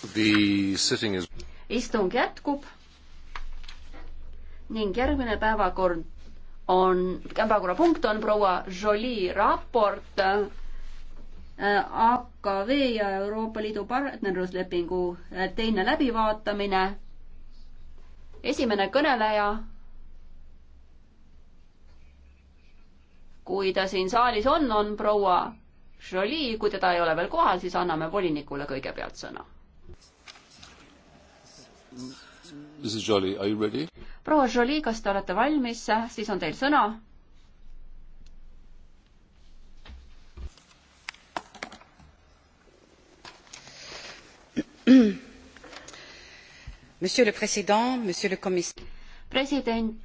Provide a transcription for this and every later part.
Is... istung jätkub ning järgmine päevakord on, päevakorrapunkt on proua Jolie raport äh, AKV ja Euroopa Liidu partnerluslepingu äh, teine läbivaatamine. esimene kõneleja, kui ta siin saalis on, on proua Jolie, kui teda ei ole veel kohal, siis anname volinikule kõigepealt sõna proua Jolie, kas te olete valmis, siis on teil sõna. president,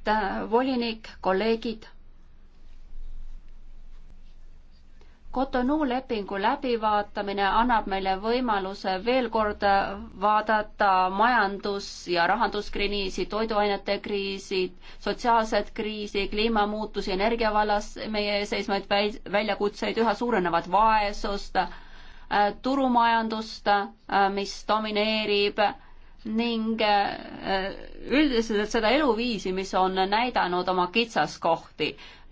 volinik, kolleegid Cotonou lepingu läbivaatamine annab meile võimaluse veel kord vaadata majandus- ja rahanduskriisi, toiduainete kriisi, sotsiaalset kriisi, kliimamuutusi, energia vallas meie ees seisvaid väljakutseid, üha suurenevat vaesust, äh, turumajandust, äh, mis domineerib ning äh, üldiselt seda eluviisi, mis on näidanud oma kitsaskohti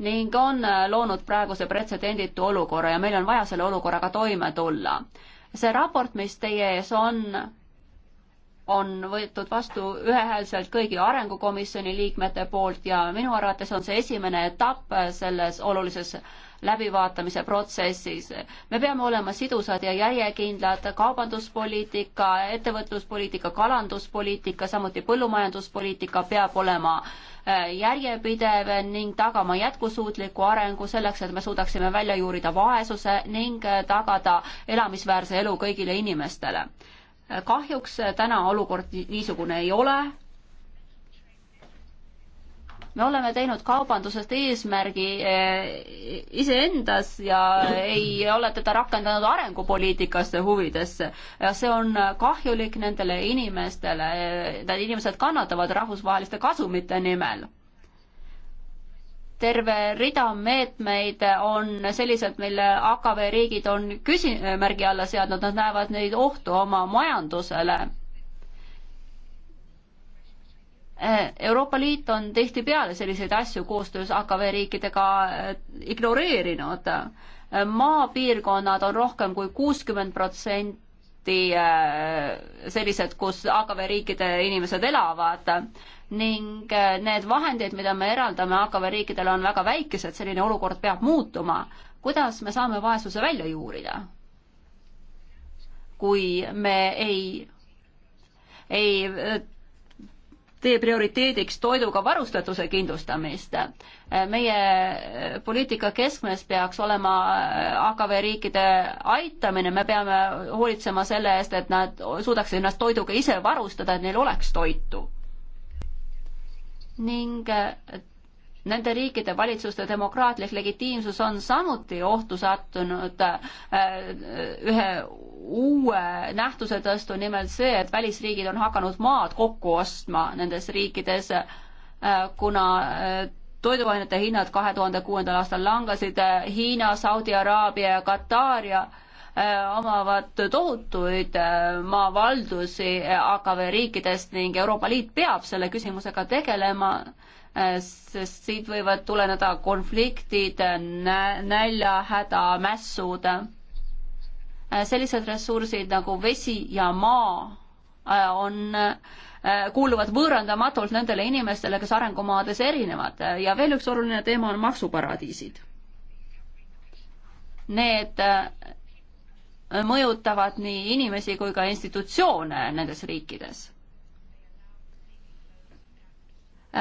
ning on äh, loonud praeguse pretsedenditu olukorra ja meil on vaja selle olukorraga toime tulla. see raport, mis teie ees on, on võetud vastu ühehäälselt kõigi arengukomisjoni liikmete poolt ja minu arvates on see esimene etapp selles olulises läbivaatamise protsessis. me peame olema sidusad ja järjekindlad kaubanduspoliitika, ettevõtluspoliitika, kalanduspoliitika, samuti põllumajanduspoliitika peab olema äh, järjepidev ning tagama jätkusuutliku arengu selleks, et me suudaksime välja juurida vaesuse ning äh, tagada elamisväärse elu kõigile inimestele kahjuks täna olukord niisugune ei ole. me oleme teinud kaubandusest eesmärgi eh, iseendas ja ei ole teda rakendanud arengupoliitikasse huvidesse ja see on kahjulik nendele inimestele, need inimesed kannatavad rahvusvaheliste kasumite nimel terve rida meetmeid on sellised, mille AKV riigid on küsimärgi alla seadnud, nad näevad neid ohtu oma majandusele. Euroopa Liit on tihtipeale selliseid asju koostöös AKV riikidega äh, ignoreerinud. maapiirkonnad on rohkem kui kuuskümmend protsenti eriti äh, sellised, kus AKV riikide inimesed elavad ning äh, need vahendid, mida me eraldame AKV riikidele, on väga väikesed, selline olukord peab muutuma. kuidas me saame vaesuse välja juurida? kui me ei, ei äh, tee prioriteediks toiduga varustatuse kindlustamist. Äh, meie poliitika keskmes peaks olema AKV riikide aitamine, me peame hoolitsema selle eest, et nad suudaksid ennast toiduga ise varustada, et neil oleks toitu ning äh, nende riikide valitsuste demokraatlik legitiimsus on samuti ohtu sattunud äh, ühe uue nähtuse tõttu, nimelt see, et välisriigid on hakanud maad kokku ostma nendes riikides, äh, kuna toiduainete hinnad kahe tuhande kuuendal aastal langesid Hiina, Saudi Araabia ja Katar ja Äh, omavad tohutuid äh, maavaldusi äh, AKV riikidest ning Euroopa Liit peab selle küsimusega tegelema, sest siit võivad tuleneda konfliktid, nälja, häda, mässud. sellised ressursid nagu vesi ja maa on, kuuluvad võõrandamatult nendele inimestele, kes arengumaades erinevad ja veel üks oluline teema on maksuparadiisid. Need mõjutavad nii inimesi kui ka institutsioone nendes riikides.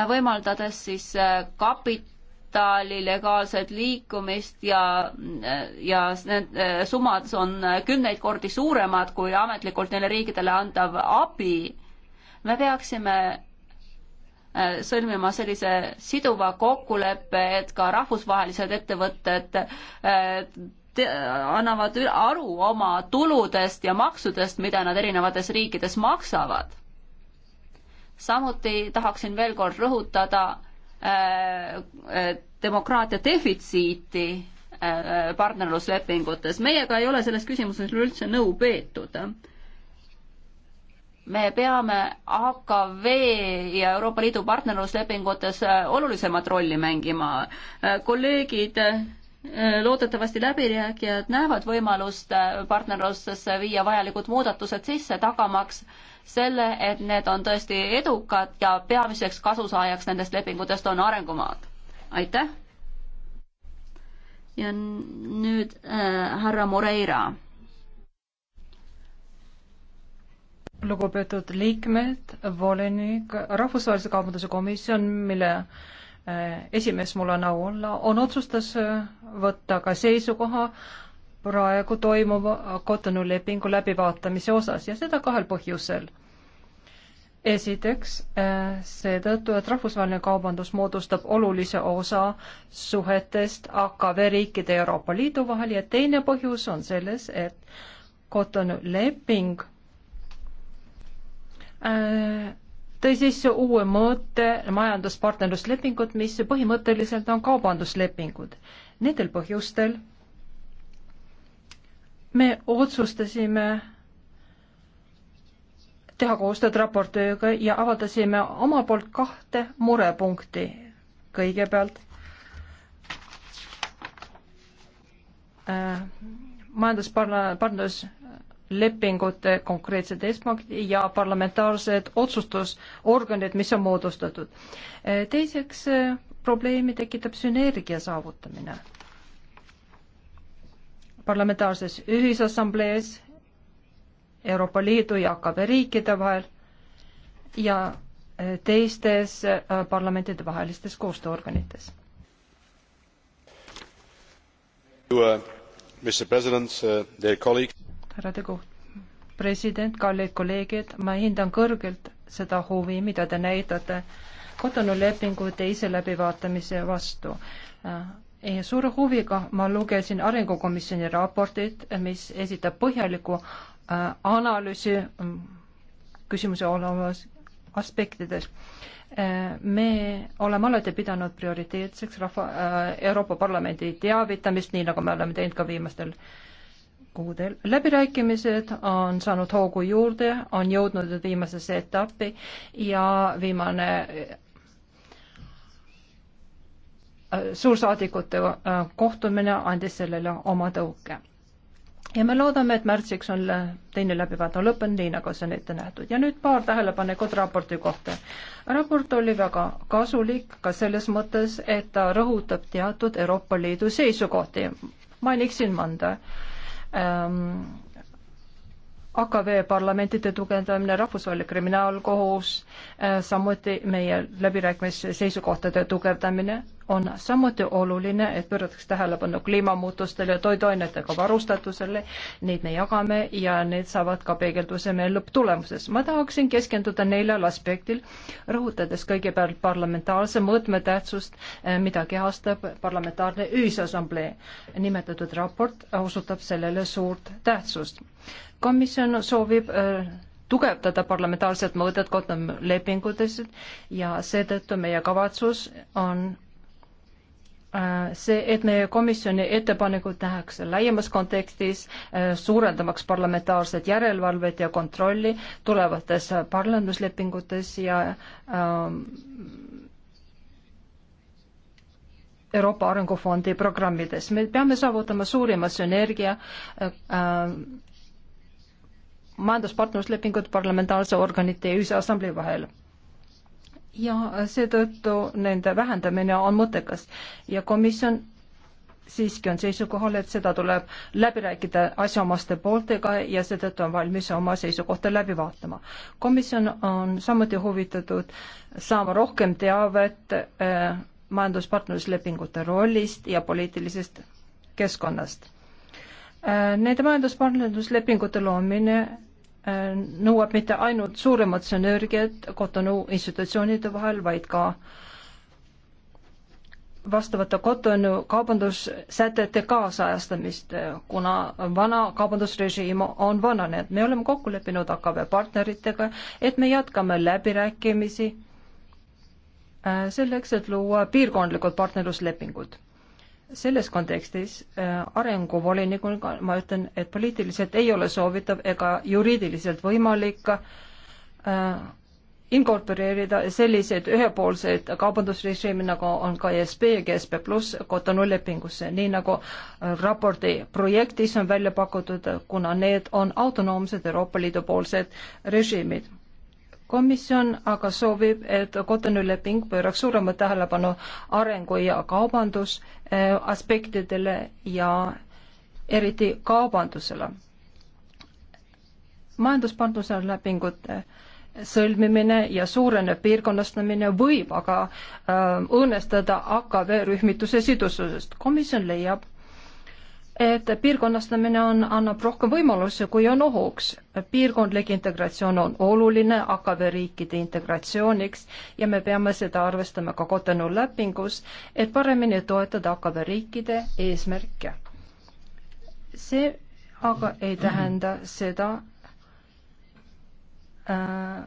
võimaldades siis äh, kapitali legaalset liikumist ja, äh, ja need äh, summad on kümneid kordi suuremad kui ametlikult neile riikidele antav abi. me peaksime sõlmima sellise siduva kokkuleppe, et ka rahvusvahelised ettevõtted annavad aru oma tuludest ja maksudest, mida nad erinevates riikides maksavad. samuti tahaksin veel kord rõhutada äh, äh demokraatia defitsiiti äh, partnerluslepingutes. meiega ei ole selles küsimuses üldse nõu peetud me peame AKV ja Euroopa Liidu partnerluslepingutes äh, olulisemat rolli mängima. Äh, kolleegid Äh, loodetavasti läbirääkijad näevad võimalust äh, partnerlustesse viia vajalikud muudatused sisse, tagamaks selle, et need on tõesti edukad ja peamiseks kasusaajaks nendest lepingutest on arengumaad. aitäh. ja nüüd äh, härra Moreira. lugupeetud liikmed, volinik, Rahvusvahelise Kaubanduse Komisjon, mille äh, Äh, esimees, mul on au olla, on otsustas äh, võtta ka seisukoha praegu toimuva Cotonou lepingu läbivaatamise osas ja seda kahel põhjusel. esiteks äh, seetõttu, et rahvusvaheline kaubandus moodustab olulise osa suhetest AKV riikide ja Euroopa Liidu vahel ja teine põhjus on selles, et Cotonou leping äh, tõi sisse uue mõõte majanduspartnerluslepingud, mis põhimõtteliselt on kaubanduslepingud. Nendel põhjustel me otsustasime teha koostööd raportööga ja avaldasime oma poolt kahte murepunkti. kõigepealt äh, majanduspartnerlus lepingute konkreetsed esmad ja parlamentaarsed otsustusorganid, mis on moodustatud. Eh, teiseks eh, probleemi tekitab sünergia saavutamine parlamentaarses ühisassamblees Euroopa Liidu ja AKV riikide vahel ja eh, teistes parlamentide vahelistes koostööorganites. Uh, Mr President, uh, dear colleagues härra De Gucht, president, kallid kolleegid, ma hindan kõrgelt seda huvi, mida te näitate Kotonu lepingu teise läbivaatamise vastu. Äh, suure huviga ma lugesin Arengukomisjoni raportit, mis esitab põhjaliku äh, analüüsi mm, küsimuse olemas aspektides. Äh, me oleme alati pidanud prioriteetseks rahva, Euroopa Parlamendi teavitamist, nii nagu me oleme teinud ka viimastel äh, kuudel. läbirääkimised on saanud hoogu juurde, on jõudnud viimasesse etappi ja viimane äh, suursaadikute äh, kohtumine andis sellele oma tõuke. ja me loodame, et märtsiks on teine läbivaatav lõppenud, nii nagu see on ette nähtud. ja nüüd paar tähelepanekut raporti kohta. raport oli väga kasulik ka selles mõttes, et ta rõhutab teatud Euroopa Liidu seisukohti. mainiksin mõnda ma ähm, AKV parlamentide tugevdamine, rahvusvaheline kriminaalkohus, äh, samuti meie läbirääkimis seisukohtade tugevdamine on samuti oluline, et pööratakse tähelepanu kliimamuutustele ja toiduainetega varustatusele, neid me jagame ja need saavad ka peegelduse meie lõpptulemuses. ma tahaksin keskenduda neljal aspektil, rõhutades kõigepealt parlamentaarse mõõtme tähtsust, äh, mida kehastab parlamentaarne ühisassamblee. nimetatud raport osutab sellele suurt tähtsust komisjon soovib äh, tugevdada parlamentaarset mõõdet Kotonou lepingutes ja seetõttu meie kavatsus on äh, see, et meie komisjoni ettepanekud nähakse laiemas kontekstis, äh, suurendamaks parlamentaarset järelevalvet ja kontrolli tulevates parlanduslepingutes ja ähm, Euroopa Arengufondi programmides. me peame saavutama suurima sünergia majanduspartnerluslepingut parlamentaarse organite ja ühise assamblee vahel ja seetõttu nende vähendamine on mõttekas ja komisjon siiski on seisukohal, et seda tuleb läbi rääkida asjaomaste pooltega ja seetõttu on valmis oma seisukohta läbi vaatama. komisjon on samuti huvitatud saama rohkem teavet äh, majanduspartnerluslepingute rollist ja poliitilisest keskkonnast äh,. Nende majanduspartnerluslepingute loomine Äh, nõuab mitte ainult suuremat sünergiat Cotonou institutsioonide vahel, vaid ka vastavate Cotonou kaubandussätete kaasajastamist, äh, kuna vana kaubandusrežiim on vananenud. me oleme kokku leppinud AKV partneritega, et me jätkame läbirääkimisi äh, selleks, et luua piirkondlikud partnerluslepingud selles kontekstis äh, arenguvolinikuna ma ütlen, et poliitiliselt ei ole soovitav ega juriidiliselt võimalik äh, inkorporeerida selliseid ühepoolseid kaubandusrežiime, nagu on GSP e ja GSP pluss Cotonou lepingusse, nii nagu raporti projektis on välja pakutud, kuna need on autonoomsed Euroopa Liidu poolsed režiimid komisjon aga soovib, et Cotonou leping pööraks suuremat tähelepanu arengu ja kaubandus aspektidele ja eriti kaubandusele. majanduspartnerluse lepingute sõlmimine ja suurenev piirkonnastamine võib aga äh, õõnestada AKV rühmituse sidususest. komisjon leiab, et piirkonnastamine on, annab rohkem võimalusi, kui on ohuks. piirkondlik integratsioon on oluline AKV riikide integratsiooniks ja me peame seda arvestama ka Cotonou lepingus, et paremini toetada AKV riikide eesmärke. see aga ei tähenda seda äh,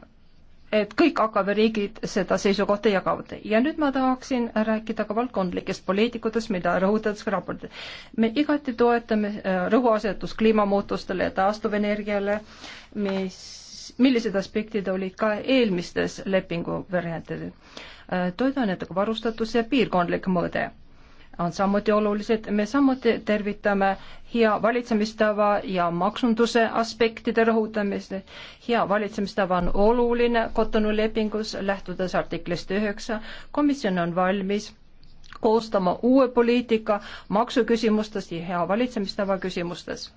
et kõik AKV riigid seda seisukohta jagavad. ja nüüd ma tahaksin rääkida ka valdkondlikest poliitikutest, mida rõhutatakse ka raportis. me igati toetame äh, rõhuasetust kliimamuutustele ja taastuvenergiale, mis, millised aspektid olid ka eelmistes lepinguvariantidel. Äh, toiduainetega varustatus ja piirkondlik mõõde on samuti olulised. me samuti tervitame hea valitsemistava ja maksunduse aspektide rõhutamist. hea valitsemistava on oluline Cotonou lepingus, lähtudes artiklist üheksa. komisjon on valmis koostama uue poliitika maksuküsimustes ja hea valitsemistava küsimustes.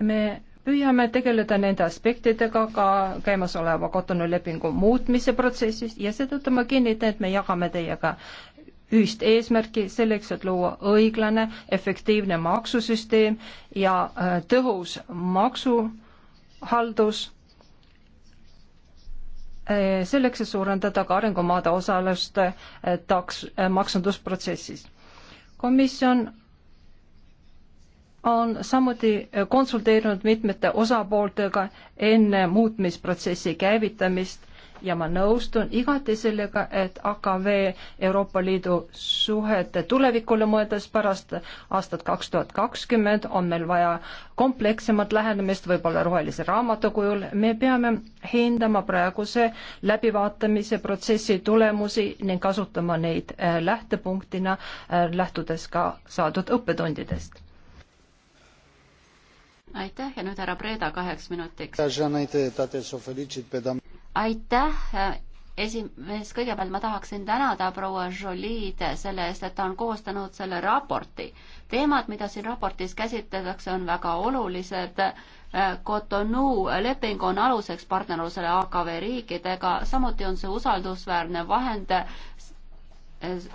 me püüame tegeleda nende aspektidega ka käimasoleva Cotonou lepingu muutmise protsessis ja seetõttu ma kinnitan, et me jagame teiega ühist eesmärki selleks, et luua õiglane, efektiivne maksusüsteem ja äh, tõhus maksuhaldus, äh, selleks, et suurendada ka arengumaade osalust äh, taks-, maksundusprotsessis. komisjon on samuti konsulteerinud mitmete osapooltega enne muutmisprotsessi käivitamist ja ma nõustun igati sellega, et AKV Euroopa Liidu suhete tulevikule mõeldes pärast aastat kaks tuhat kakskümmend on meil vaja komplekssemat lähenemist, võib-olla rohelise raamatu kujul. me peame hindama praeguse läbivaatamise protsessi tulemusi ning kasutama neid äh, lähtepunktina, äh, lähtudes ka saadud õppetundidest aitäh ja nüüd härra Preda kaheks minutiks aitäh, esimees, kõigepealt ma tahaksin tänada proua Jolid selle eest, et ta on koostanud selle raporti. teemad, mida siin raportis käsitletakse, on väga olulised. Cotonou leping on aluseks partnerlusele AKV riikidega, samuti on see usaldusväärne vahend,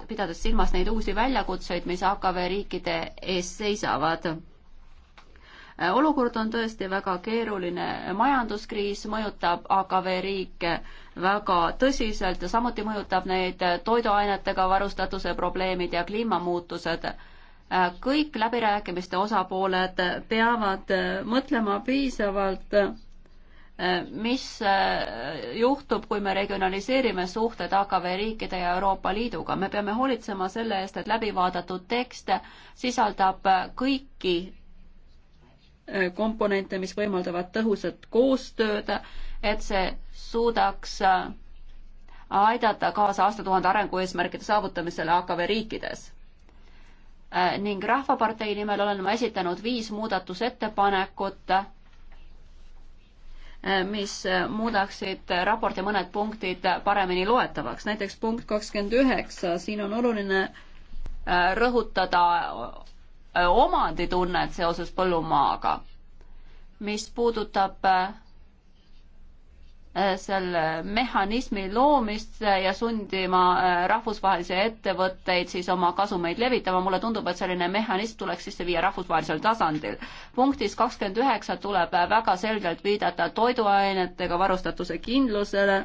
pidades silmas neid uusi väljakutseid, mis AKV riikide ees seisavad Äh, olukord on tõesti väga keeruline, majanduskriis mõjutab AKV riike väga tõsiselt ja samuti mõjutab neid toiduainetega varustatuse probleemid ja kliimamuutused. Äh, kõik läbirääkimiste osapooled peavad äh, mõtlema piisavalt mis juhtub, kui me regionaliseerime suhted AKV riikide ja Euroopa Liiduga. me peame hoolitsema selle eest, et läbivaadatud tekst sisaldab kõiki komponente, mis võimaldavad tõhusat koostööd, et see suudaks aidata kaasa aastatuhande arengueesmärkide saavutamisele AKV riikides. ning Rahvapartei nimel olen ma esitanud viis muudatusettepanekut, mis muudaksid raporti mõned punktid paremini loetavaks, näiteks punkt kakskümmend üheksa, siin on oluline rõhutada Äh, omanditunnet seoses põllumaaga. mis puudutab äh, äh, selle mehhanismi loomist ja sundima rahvusvahelisi ettevõtteid siis oma kasumeid levitama, mulle tundub, et selline mehhanism tuleks sisse viia rahvusvahelisel tasandil. punktis kakskümmend üheksa tuleb väga selgelt viidata toiduainetega varustatuse kindlusele.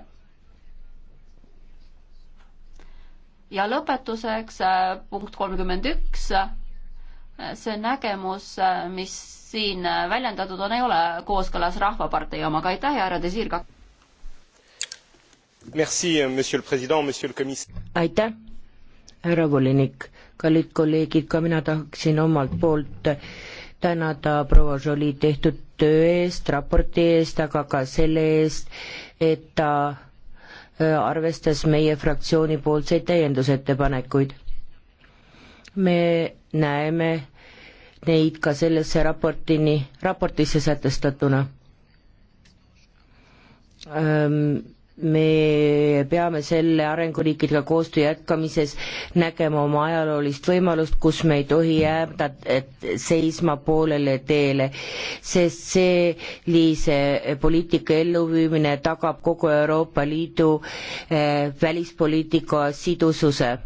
ja lõpetuseks punkt kolmkümmend üks see nägemus, mis siin väljendatud on, ei ole kooskõlas Rahvapartei omaga, aitäh ja härra Desir ka. aitäh, härra volinik, kallid kolleegid, ka mina tahaksin omalt poolt tänada proua Jolie tehtud töö eest, raporti eest, aga ka selle eest, et ta äh, arvestas meie fraktsiooni poolseid täiendusettepanekuid. me näeme neid ka sellesse raportini, raportisse sätestatuna. me peame selle arenguriikidega koostöö jätkamises nägema oma ajaloolist võimalust, kus me ei tohi jääda seisma poolele teele, sest sellise poliitika elluviimine tagab kogu Euroopa Liidu eh, välispoliitika sidususe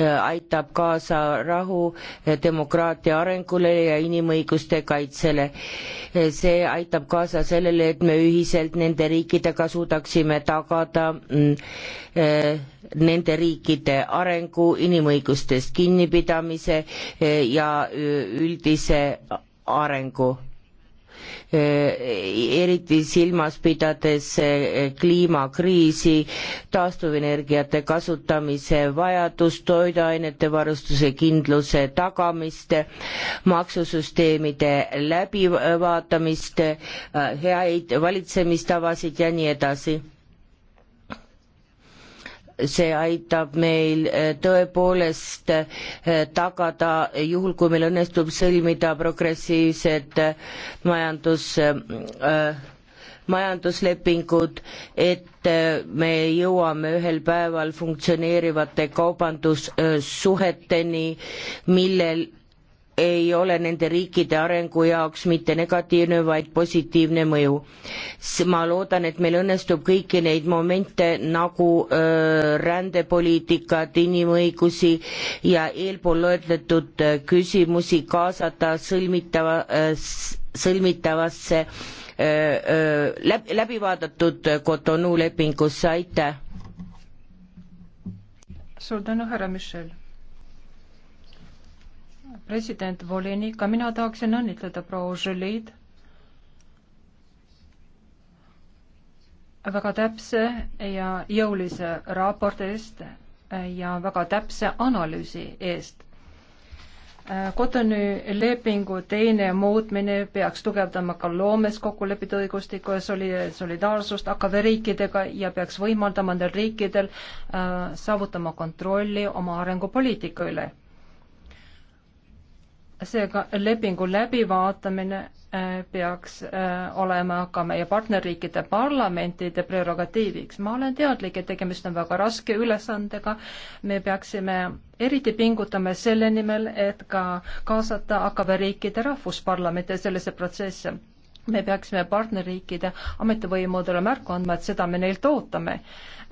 Äh, aitab kaasa rahu, äh, demokraatia arengule ja inimõiguste kaitsele. Äh, see aitab kaasa sellele, et me ühiselt nende riikidega suudaksime tagada mm, nende riikide arengu, inimõigustest kinnipidamise ja üldise arengu Eh, eriti silmas pidades eh, kliimakriisi, taastuvenergiate kasutamise vajadust, toiduainete varustuse kindluse tagamist, maksusüsteemide läbivaatamist, eh, häid valitsemistavasid ja nii edasi see aitab meil äh, tõepoolest äh, tagada, juhul kui meil õnnestub sõlmida progressiivsed äh, majandus äh, majanduslepingud, et me jõuame ühel päeval funktsioneerivate kaubandussuheteni, millel ei ole nende riikide arengu jaoks mitte negatiivne, vaid positiivne mõju. ma loodan, et meil õnnestub kõiki neid momente nagu öö, rändepoliitikat, inimõigusi ja eelpool loetletud küsimusi kaasata sõlmitava, sõlmitavasse läbi, läbi vaadatud Cotonou lepingusse, aitäh! suur tänu, härra Michel! president Volinik, ka mina tahaksin õnnitleda proua Žõlid väga täpse ja jõulise raporti eest ja väga täpse analüüsi eest. Kotoni lepingu teine muutmine peaks tugevdama ka loomes kokkulepitud õigustikku ja solidaarsust AKV riikidega ja peaks võimaldama nendel riikidel äh, saavutama kontrolli oma arengupoliitika üle seega lepingu läbivaatamine äh, peaks äh, olema ka meie partnerriikide parlamentide prerogatiiviks. ma olen teadlik, et tegemist on väga raske ülesandega, me peaksime eriti pingutama selle nimel, et ka kaasata AKV riikide rahvusparlamente sellesse protsessi me peaksime partnerriikide ametivõimudele märku andma, et seda me neilt ootame.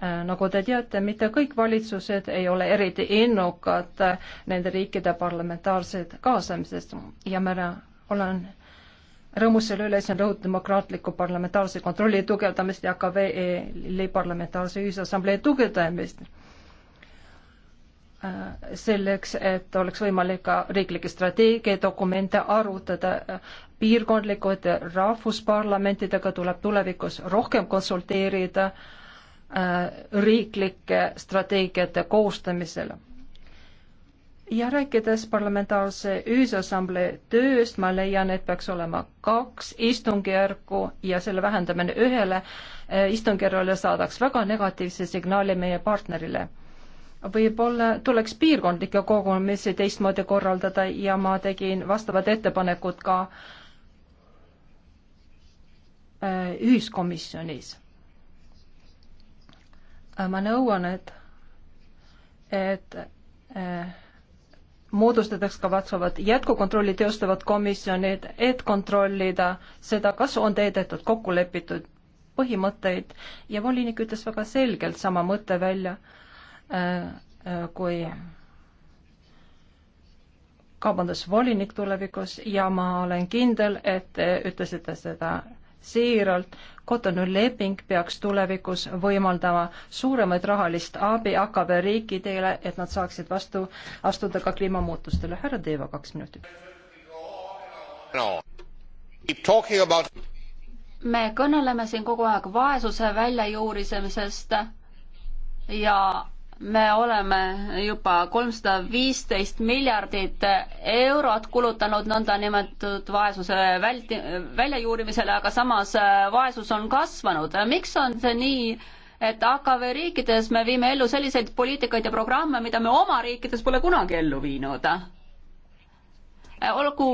Äh, nagu te teate, mitte kõik valitsused ei ole eriti innukad äh, nende riikide parlamentaarsed kaasamisest ja ma olen rõõmus selle üle, see on rõhutud demokraatliku parlamentaarse kontrolli tugevdamist ja ka VEL-i parlamentaarse ühisassamblee tugevdamist. Äh, selleks, et oleks võimalik ka riiklikke strateegiadokumente arutada, piirkondlikud rahvusparlamentidega tuleb tulevikus rohkem konsulteerida äh, Äh, riiklike strateegiate koostamisel. ja rääkides parlamentaarse ühisassamblee tööst, ma leian, et peaks olema kaks istungjärgu ja selle vähendamine ühele äh, istungjärjele saadaks väga negatiivse signaali meie partnerile võib-olla tuleks piirkondlikke kogumisi teistmoodi korraldada ja ma tegin vastavad ettepanekud ka äh, ühiskomisjonis Äh, ma nõuan, et, et äh, moodustataks ka vaatavad jätkukontrolli teostavad komisjonid, et kontrollida seda, kas on täidetud kokku lepitud põhimõtteid ja volinik ütles väga selgelt sama mõtte välja äh, äh, kui kaubandusvolinik tulevikus ja ma olen kindel, et te ütlesite seda siiralt, Cotonou leping peaks tulevikus võimaldama suuremaid rahalist abi AKV riikidele, et nad saaksid vastu astuda ka kliimamuutustele. härra Teeva, kaks minutit no.. About... me kõneleme siin kogu aeg vaesuse väljajuurisemisest ja me oleme juba kolmsada viisteist miljardit eurot kulutanud nõndanimetatud vaesuse välti-, väljajuurimisele, aga samas äh, vaesus on kasvanud. miks on see nii, et AKV riikides me viime ellu selliseid poliitikaid ja programme, mida me oma riikides pole kunagi ellu viinud? Äh, olgu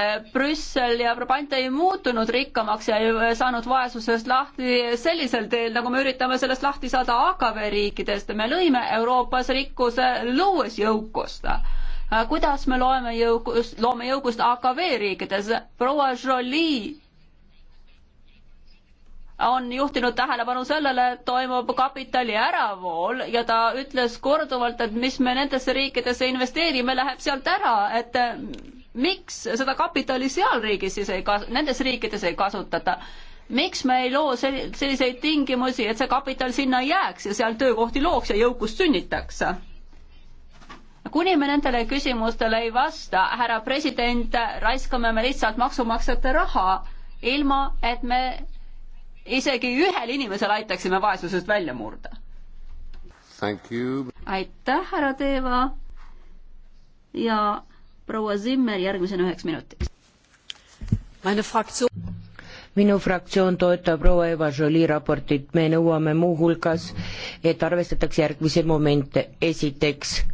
Äh, Brüssel ja Brabant ei muutunud rikkamaks ja ei saanud vaesusest lahti sellisel teel, nagu me üritame sellest lahti saada AKV riikidest. me lõime Euroopas rikkuse, luues jõukust. Äh, kuidas me loeme jõukust, loome jõukust AKV riikides? proua Jolie on juhtinud tähelepanu sellele, et toimub kapitali äravool ja ta ütles korduvalt, et mis me nendesse riikidesse investeerime, läheb sealt ära, et mm, miks seda kapitali seal riigis siis ei kas-, nendes riikides ei kasutata. miks me ei loo sel-, selliseid tingimusi, et see kapital sinna jääks ja seal töökohti looks ja jõukust sünnitaks? kuni me nendele küsimustele ei vasta, härra president, raiskame me lihtsalt maksumaksjate raha, ilma et me isegi ühel inimesel aitaksime vaesusest välja murda. aitäh, härra Teeva ja proua Zimmer järgmisena üheks minutiks. minu fraktsioon toetab proua Eva Jolie raportit, me nõuame muuhulgas, et arvestatakse järgmisi momente, esiteks äh,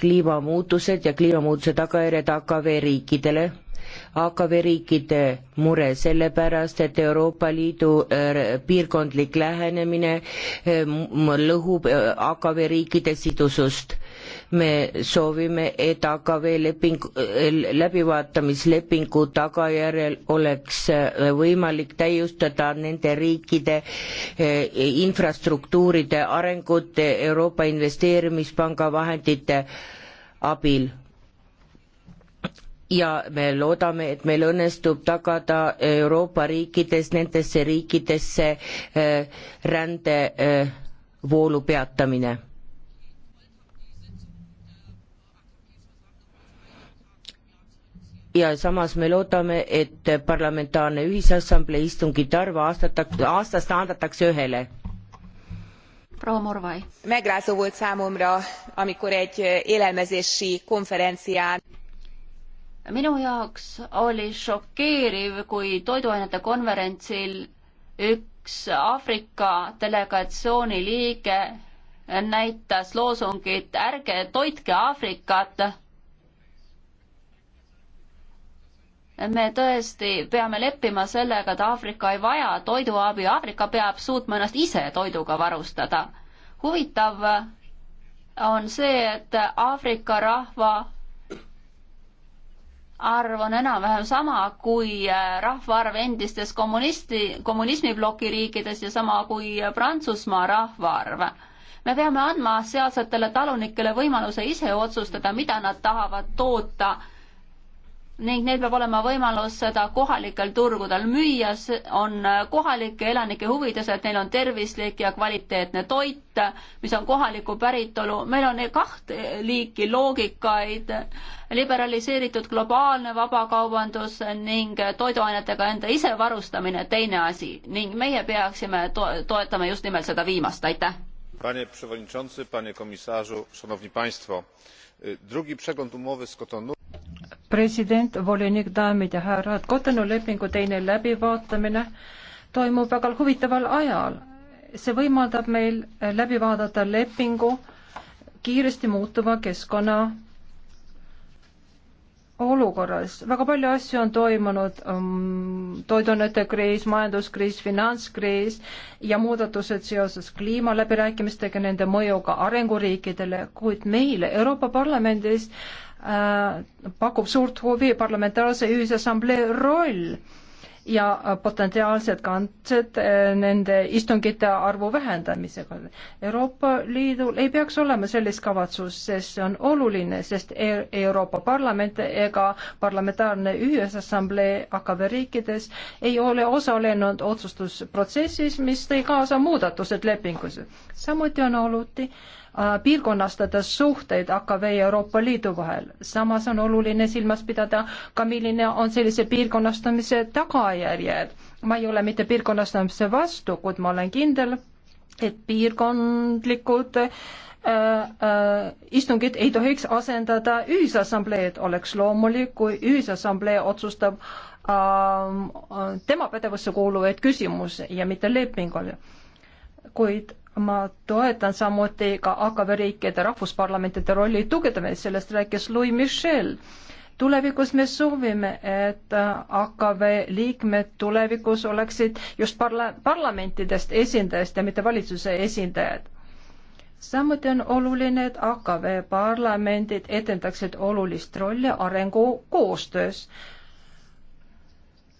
kliimamuutused ja kliimamuutuse tagajärjed AKV riikidele AKV riikide mure, sellepärast et Euroopa Liidu äh, piirkondlik lähenemine äh, lõhub äh, AKV riikide sidusust. me soovime, et AKV leping, läbivaatamislepingu tagajärjel oleks võimalik täiustada nende riikide infrastruktuuride arengut Euroopa Investeerimispanga vahendite abil ja me loodame, et meil õnnestub tagada Euroopa riikides, nendesse riikidesse äh, rändevoolu äh, peatamine. ja samas me loodame, et parlamentaarne ühisassamblee istungite arv aastatakse, aastas taandatakse ühele megrázó volt számomra amikor egy élelmezési konferencián minu jaoks oli šokeeriv, kui toiduainete konverentsil üks Aafrika delegatsiooni liige näitas loosungit Ärge toitke Aafrikat. me tõesti peame leppima sellega, et Aafrika ei vaja toiduabi, Aafrika peab suutma ennast ise toiduga varustada. huvitav on see, et Aafrika rahva arv on enam-vähem sama kui äh, rahvaarv endistes kommunisti, kommunismibloki riikides ja sama kui Prantsusmaa rahvaarv. me peame andma sealsetele talunikele võimaluse ise otsustada, mida nad tahavad toota ning neil peab olema võimalus seda kohalikel turgudel müüa, on äh, kohalike elanike huvides, et neil on tervislik ja kvaliteetne toit, mis on kohalikku päritolu, meil on kaht liiki loogikaid, liberaliseeritud globaalne vabakaubandus ning toiduainetega enda isevarustamine, teine asi, ning meie peaksime to toetama just nimelt seda viimast, aitäh! panie przewodniczący panie komisarzu szanowni państwo! drugi przegląd umowy z kotonu president, volinik, daamid ja härrad, Kotonu lepingu teine läbivaatamine toimub väga huvitaval ajal. see võimaldab meil läbi vaadata lepingu kiiresti muutuva keskkonna olukorras. väga palju asju on toimunud um,, toiduainete kriis, majanduskriis, finantskriis ja muudatused seoses kliimaläbirääkimistega, nende mõjuga arenguriikidele, kuid meile Euroopa Parlamendis Äh, pakub suurt huvi parlamentaarse ühisassamblee roll ja potentsiaalsed kantsed äh, nende istungite arvu vähendamisega. Euroopa Liidul ei peaks olema sellist kavatsust, sest see on oluline, sest e-, Euroopa Parlament ega parlamentaarne ühisassamblee AKV riikides ei ole osalenud otsustusprotsessis, mis tõi kaasa muudatused lepingus. samuti on oluti äh, Äh, piirkonnastades suhteid AKV ja Euroopa Liidu vahel. samas on oluline silmas pidada ka, milline on sellise piirkonnastamise tagajärjed. ma ei ole mitte piirkonnastamise vastu, kuid ma olen kindel, et piirkondlikud äh, äh, istungid ei tohiks asendada ühisassambleed, oleks loomulik, kui ühisassamblee otsustab äh, tema pädevusse kuuluvaid küsimusi ja mitte lepingule. kuid ma toetan samuti ka AKV riikide rahvusparlamentide rolli tugevdamist, sellest rääkis Louis Michel. tulevikus me soovime, et AKV liikmed tulevikus oleksid just parla-, parlamentidest esindajast ja mitte valitsuse esindajad. samuti on oluline, et AKV parlamendid etendaksid olulist rolli arengukoostöös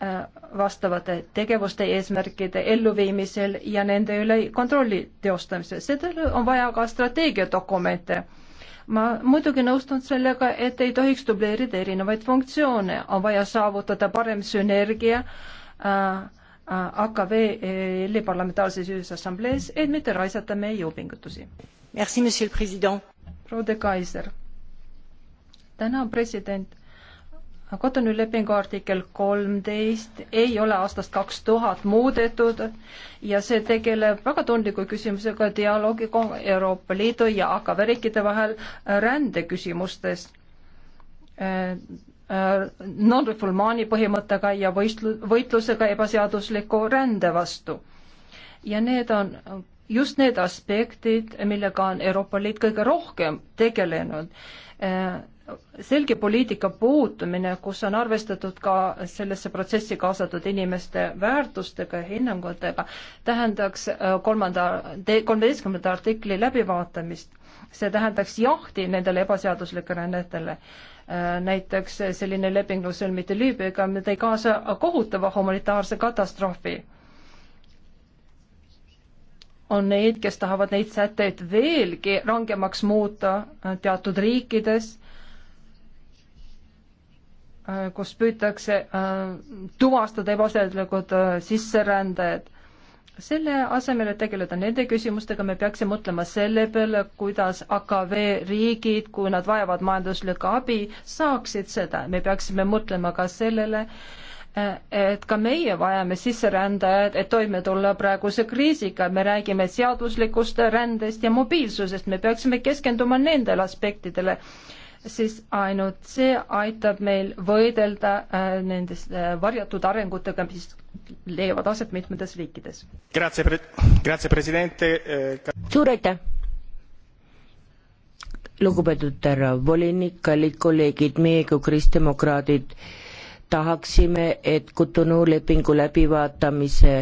Äh, vastavate tegevuste eesmärkide elluviimisel ja nende üle kontrolli teostamisel. Sellele on vaja ka strateegiadokumente. Ma muidugi nõustun sellega, et ei tohiks dubleerida erinevaid funktsioone. On vaja saavutada parem sünergia äh, äh AKV EL-i äh, parlamentaarses ühisassamblees, et mitte raisata meie jõupingutusi. Merci, monsieur le président. Proua de Kaiser. Täna on president Kotonu lepingu artikkel kolmteist ei ole aastast kaks tuhat muudetud ja see tegeleb väga tundliku küsimusega dialoogiga Euroopa Liidu ja AKV riikide vahel rändeküsimustes äh, äh, non-refulmaani põhimõttega ja võistlu-, võitlusega ebaseadusliku rände vastu. ja need on just need aspektid, millega on Euroopa Liit kõige rohkem tegelenud äh, selge poliitika puutumine, kus on arvestatud ka sellesse protsessi kaasatud inimeste väärtustega ja hinnangutega, tähendaks äh, kolmanda, kolmeteistkümnenda artikli läbivaatamist. see tähendaks jahti nendele ebaseaduslikele rännetele. Äh, näiteks selline leping nagu sõlmiti Liibüaga, mida ei kaasa kohutava humanitaarse katastroofi on neid, kes tahavad neid sätteid veelgi rangemaks muuta äh, teatud riikides Äh, kus püütakse äh, tuvastada ebaseaduslikud äh, sisserändajad. selle asemel, et tegeleda nende küsimustega, me peaksime mõtlema selle peale, kuidas AKV riigid, kui nad vajavad majanduslikku abi, saaksid seda. me peaksime mõtlema ka sellele, et ka meie vajame sisserändajaid, et toime tulla praeguse kriisiga, me räägime seaduslikust rändest ja mobiilsusest, me peaksime keskenduma nendele aspektidele siis ainult see aitab meil võidelda äh, nendes äh, varjatud arengutega, mis leiavad aset mitmetes riikides. Äh, suur aitäh! lugupeetud härra volinik, kallid kolleegid, meie kui kristdemokraadid tahaksime, et Cotonou lepingu läbivaatamise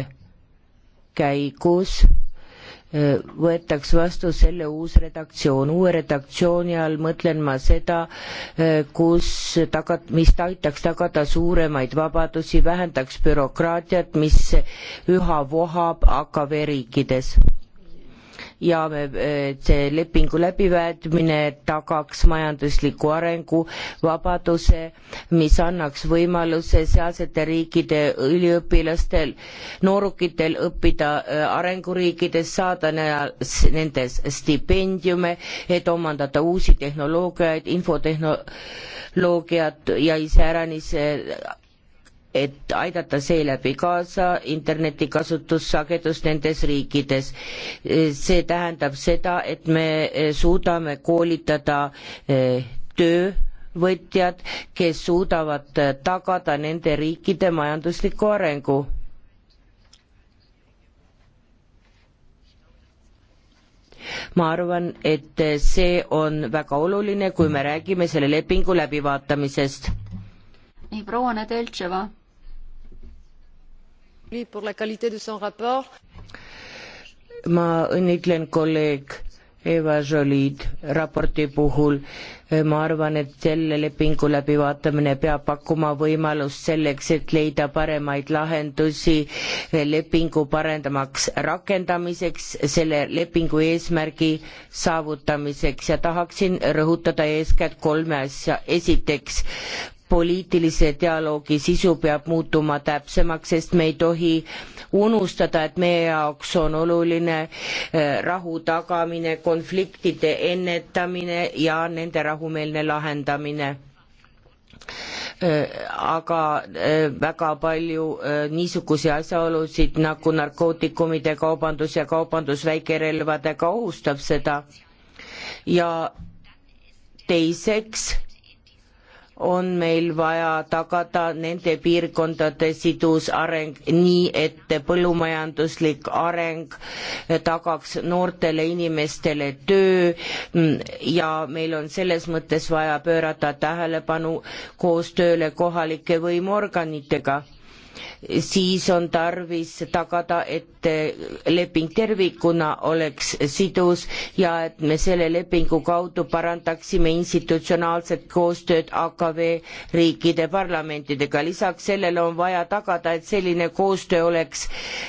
käigus võetaks vastu selle uus redaktsioon. uue redaktsiooni all mõtlen ma seda, eh, kus tagat-, mis aitaks tagada suuremaid vabadusi, vähendaks bürokraatiat, mis üha vohab AKV riikides ja me, eh, see lepingu läbiväätmine tagaks majandusliku arengu, vabaduse, mis annaks võimaluse sealsete riikide üliõpilastel, noorukitel õppida eh, arenguriikides, saada nendes stipendiume, et omandada uusi tehnoloogiaid, infotehnoloogiat ja iseäranis eh, et aidata seeläbi kaasa internetikasutussagedus nendes riikides. see tähendab seda, et me eh, suudame koolitada eh, töövõtjad, kes suudavad eh, tagada nende riikide majandusliku arengu. ma arvan, et see on väga oluline, kui me räägime selle lepingu läbivaatamisest. nii, proua Nedeltševa ma õnnitlen kolleeg Eva Jolid raporti puhul. ma arvan, et selle lepingu läbivaatamine peab pakkuma võimalust selleks, et leida paremaid lahendusi lepingu parendamaks rakendamiseks, selle lepingu eesmärgi saavutamiseks ja tahaksin rõhutada eeskätt kolme asja. esiteks, poliitilise dialoogi sisu peab muutuma täpsemaks, sest me ei tohi unustada, et meie jaoks on oluline eh, rahu tagamine, konfliktide ennetamine ja nende rahumeelne lahendamine eh, aga eh, väga palju niisuguseid asjaolusid nagu narkootikumide kaubandus ja kaubandus väikerelvadega ohustab seda. ja teiseks on meil vaja tagada nende piirkondade sidus areng nii, et põllumajanduslik areng tagaks noortele inimestele töö ja meil on selles mõttes vaja pöörata tähelepanu koostööle kohalike võimuorganitega siis on tarvis tagada, et leping tervikuna oleks sidus ja et me selle lepingu kaudu parandaksime institutsionaalset koostööd AKV riikide parlamentidega. lisaks sellele on vaja tagada, et selline koostöö oleks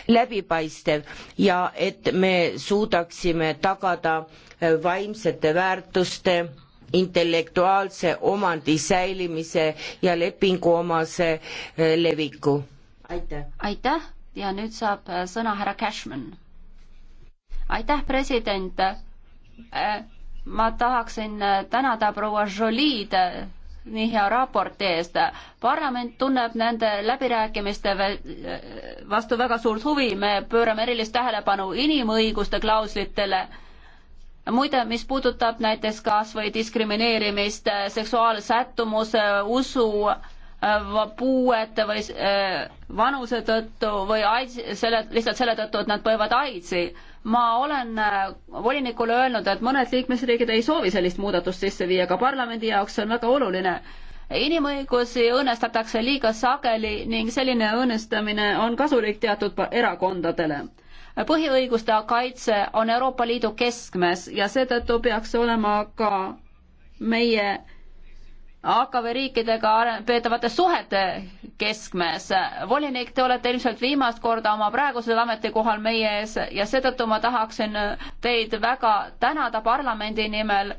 läbipaistev ja et me suudaksime tagada vaimsete väärtuste intellektuaalse omandi säilimise ja lepinguomase eh, leviku. aitäh! aitäh ja nüüd saab eh, sõna härra Cashman. aitäh, president! Eh, ma tahaksin tänada proua Jolid nii hea raporti eest. parlament tunneb nende läbirääkimiste vastu väga suurt huvi, me pöörame erilist tähelepanu inimõiguste klauslitele muide, mis puudutab näiteks kas või diskrimineerimist äh, seksuaalsättumuse, usu, äh, puuete või äh, vanuse tõttu või AIDS, selle, lihtsalt selle tõttu, et nad põevad AIDS-i. ma olen volinikule öelnud, et mõned liikmesriigid ei soovi sellist muudatust sisse viia, aga parlamendi jaoks see on väga oluline. inimõigusi õõnestatakse liiga sageli ning selline õõnestamine on kasulik teatud erakondadele põhiõiguste kaitse on Euroopa Liidu keskmes ja seetõttu peaks olema ka meie AKV riikidega peetavate suhete keskmes. volinik, te olete ilmselt viimast korda oma praegusel ametikohal meie ees ja seetõttu ma tahaksin teid väga tänada parlamendi nimel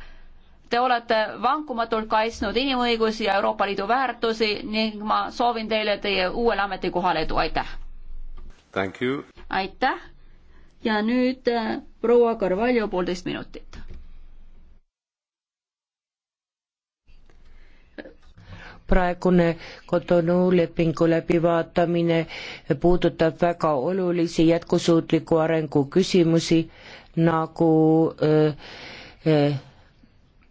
Te olete vankumatult kaitsnud inimõigusi ja Euroopa Liidu väärtusi ning ma soovin teile teie uuel ametikohal edu, aitäh! aitäh! ja nüüd äh, proua Carvalho poolteist minutit. praegune Cotonou lepingu läbivaatamine puudutab väga olulisi jätkusuutliku arengu küsimusi nagu öö, äh, öö, äh,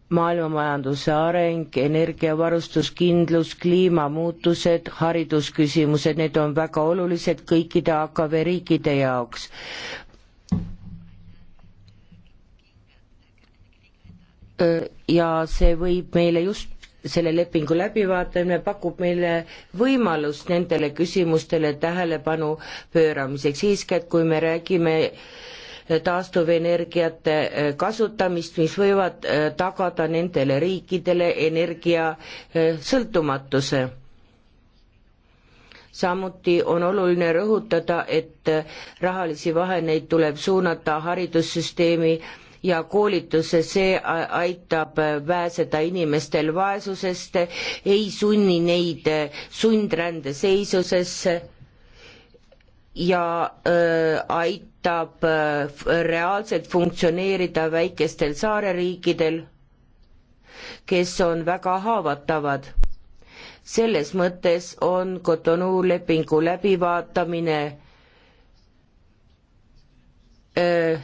maailmamajanduse areng, energiavarustuskindlus, kliimamuutused, haridusküsimused, need on väga olulised kõikide AKV riikide jaoks. ja see võib meile just selle lepingu läbivaatamine pakub meile võimalust nendele küsimustele tähelepanu pööramiseks, eeskätt kui me räägime taastuvenergiate kasutamist, mis võivad tagada nendele riikidele energia sõltumatuse. samuti on oluline rõhutada, et rahalisi vahendeid tuleb suunata haridussüsteemi ja koolituse, see aitab pääseda inimestel vaesusest, ei sunni neid sundrände seisusesse ja äh, aitab äh, reaalselt funktsioneerida väikestel saareriikidel, kes on väga haavatavad. selles mõttes on Cotonou lepingu läbivaatamine äh,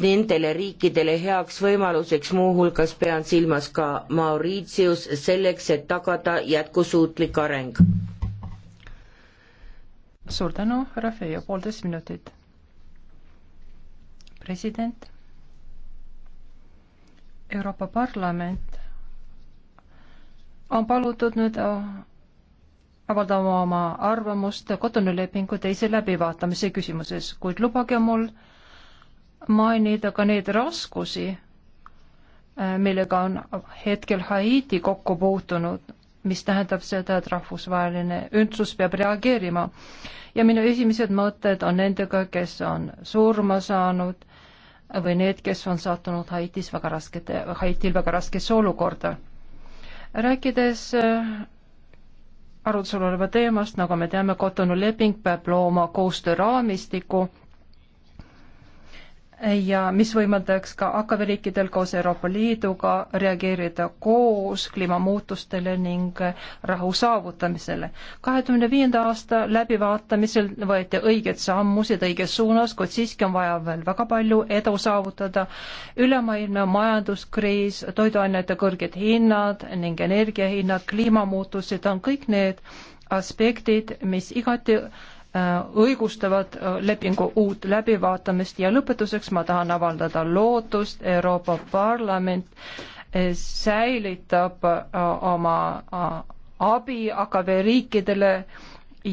nendele riikidele heaks võimaluseks, muuhulgas pean silmas ka Mauritius, selleks, et tagada jätkusuutlik areng. suur tänu, härra Feio, poolteist minutit. president. Euroopa Parlament on palutud nüüd äh, avaldama oma arvamust kodunõulepingu teise läbivaatamise küsimuses, kuid lubage mul äh, mainida ka neid raskusi, äh, millega on hetkel Haiti kokku puutunud, mis tähendab seda, et rahvusvaheline üldsus peab reageerima. ja minu esimesed mõtted on nendega, kes on surma saanud või need, kes on sattunud Haitis väga raskete, Haitil väga raskesse olukorda. rääkides äh, arutusel oleva teemast, nagu me teame, Cotonou leping peab looma koostööraamistiku ja mis võimaldaks ka AKV riikidel koos Euroopa Liiduga reageerida koos kliimamuutustele ning rahu saavutamisele. kahekümne viienda aasta läbivaatamisel võeti õiged sammused õiges suunas, kuid siiski on vaja veel väga palju edu saavutada. ülemaailmne majanduskriis, toiduainete kõrged hinnad ning energiahinnad, kliimamuutused on kõik need aspektid, mis igati Äh, õigustavad äh, lepingu uut läbivaatamist ja lõpetuseks ma tahan avaldada lootust Euroopa Parlament äh, säilitab oma abi AKV riikidele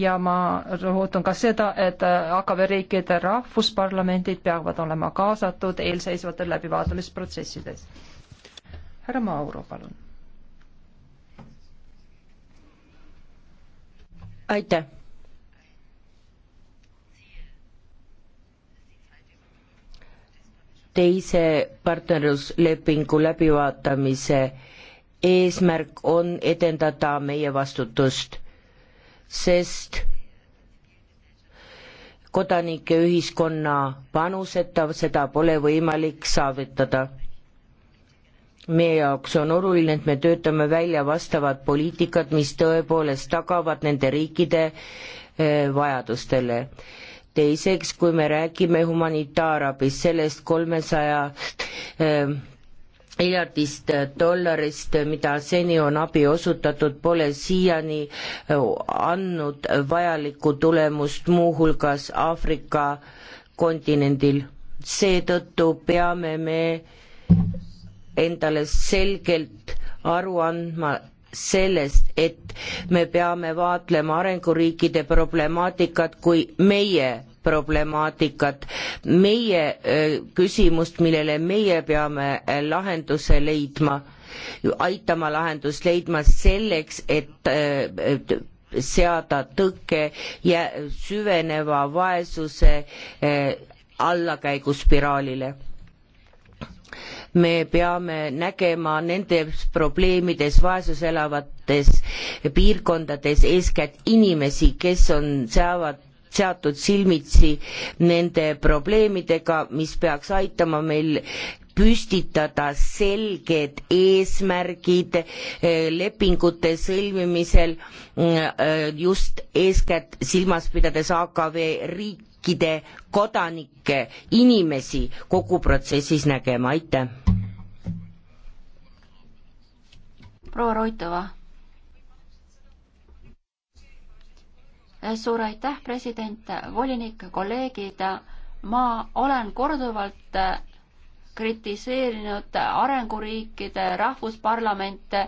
ja ma rõhutan ka seda, et AKV riikide rahvusparlamendid peavad olema kaasatud eelseisvatel läbivaatamisprotsessides. härra Mauro, palun. aitäh teise partnerluslepingu läbivaatamise eesmärk on edendada meie vastutust, sest kodanike ühiskonna panuseta seda pole võimalik saavutada. meie jaoks on oluline, et me töötame välja vastavad poliitikad, mis tõepoolest tagavad nende riikide eh, vajadustele teiseks, kui me räägime humanitaarabist, sellest kolmesaja ähm, miljardist dollarist, mida seni on abi osutatud, pole siiani äh, andnud vajalikku tulemust muuhulgas Aafrika kontinendil. seetõttu peame me endale selgelt aru andma sellest, et me peame vaatlema arenguriikide problemaatikat kui meie problemaatikat, meie äh, küsimust, millele meie peame äh, lahenduse leidma, aitama lahendust leidma selleks, et äh, seada tõke ja süveneva vaesuse allakäiguspiraalile me peame nägema nendes probleemides vaesus elavates piirkondades eeskätt inimesi kes on saavad seatud silmitsi nende probleemidega, mis peaks aitama meil püstitada selged eesmärgid eh, lepingute sõlmimisel mm, eh, just eeskätt silmas pidades AKV riikide kodanikke, inimesi kogu protsessis nägema, aitäh. proua Roitova suur aitäh, president, volinik, kolleegid. ma olen korduvalt kritiseerinud arenguriikide rahvusparlamente.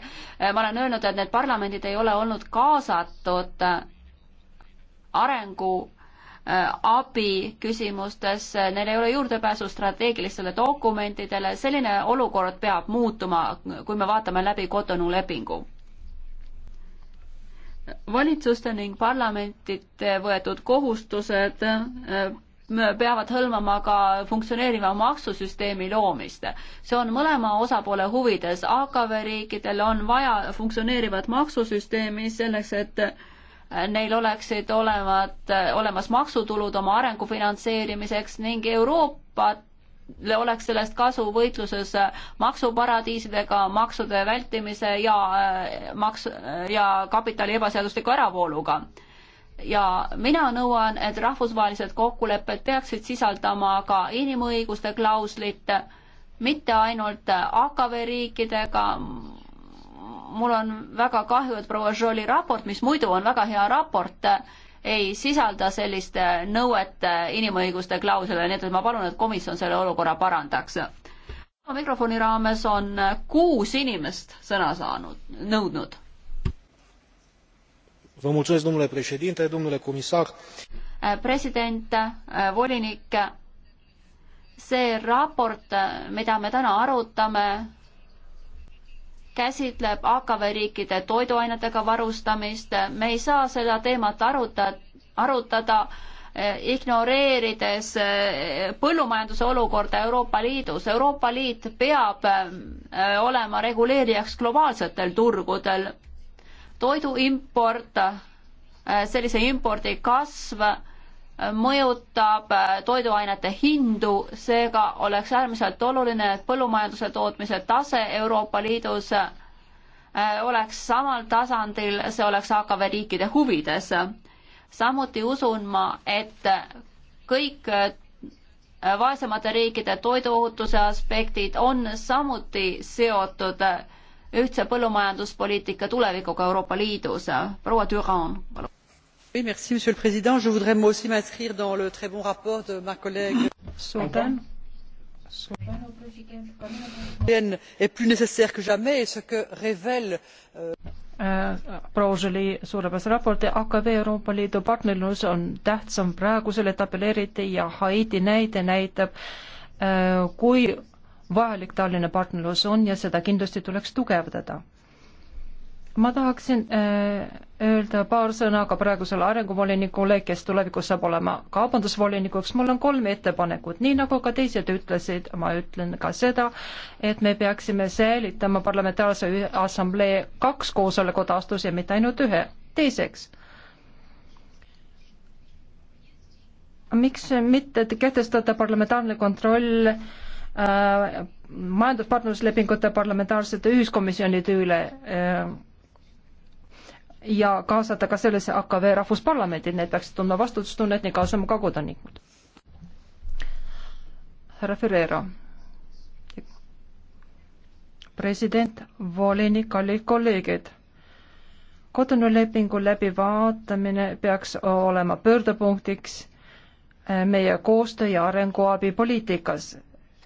ma olen öelnud, et need parlamendid ei ole olnud kaasatud arengu äh, abi küsimustes, neil ei ole juurdepääsu strateegilistele dokumentidele, selline olukord peab muutuma, kui me vaatame läbi Cotonou lepingu valitsuste ning parlamentide võetud kohustused äh, peavad hõlmama ka funktsioneeriva maksusüsteemi loomist. see on mõlema osapoole huvides, AKV riikidel on vaja funktsioneerivat maksusüsteemi selleks, et äh, neil oleksid olevat, äh, olemas maksutulud oma arengu finantseerimiseks ning Euroopat oleks sellest kasu võitluses maksuparadiisidega, maksude vältimise ja äh, maks- ja kapitali ebaseadusliku äravooluga. ja mina nõuan, et rahvusvahelised kokkulepped peaksid sisaldama ka inimõiguste klauslit, mitte ainult AKV riikidega, mul on väga kahju, et proua Jolie raport, mis muidu on väga hea raport, ei sisalda sellist äh, nõuet äh, inimõiguste klausele, nii et ma palun, et komisjon selle olukorra parandaks. mikrofoni raames on äh, kuus inimest sõna saanud, nõudnud. president, volinik, see raport, mida me täna arutame, käsitleb AKV riikide toiduainetega varustamist. me ei saa seda teemat aruta, arutada eh, ignoreerides eh, põllumajanduse olukorda Euroopa Liidus. Euroopa Liit peab eh, olema reguleerijaks globaalsetel turgudel. toidu import, sellise impordi kasv mõjutab äh, toiduainete hindu, seega oleks äärmiselt oluline, et põllumajanduse tootmise tase Euroopa Liidus äh, oleks samal tasandil, see oleks AKV riikide huvides. samuti usun ma, et kõik äh, vaesemate riikide toiduohutuse aspektid on samuti seotud ühtse põllumajanduspoliitika tulevikuga Euroopa Liidus. proua Düran, palun monsieur le président je voudrais moi aussi m'inscrire dans le très bon rapport de ma collègue est plus nécessaire que jamais et ce que révèle euh, euh, proua Joly suurepärase raporti, AKV Euroopa Liidu partnerlus on tähtsam praegusel etapil eriti ja Haiti näide näitab, äh, kui vajalik taoline partnerlus on ja seda kindlasti tuleks tugevdada ma tahaksin äh, öelda paar sõna ka praegusele arenguvolinikule, kes tulevikus saab olema kaubandusvolinikuks. mul on kolm ettepanekut, nii nagu ka teised ütlesid, ma ütlen ka seda, et me peaksime säilitama parlamentaarse assamblee kaks koosolekut aastas ja mitte ainult ühe. teiseks, miks mitte kehtestada parlamentaarne kontroll äh, majanduspartnerluslepingute parlamentaarsete ühiskomisjonide üle äh,? ja kaasata ka sellesse AKV rahvusparlamendid, need peaksid tundma vastutustunnet nii kaasama ka kodanikud. härra Ferreira. president, volinik, kallid kolleegid. kodanulepingu läbivaatamine peaks olema pöördepunktiks eh, meie koostöö ja arenguabi poliitikas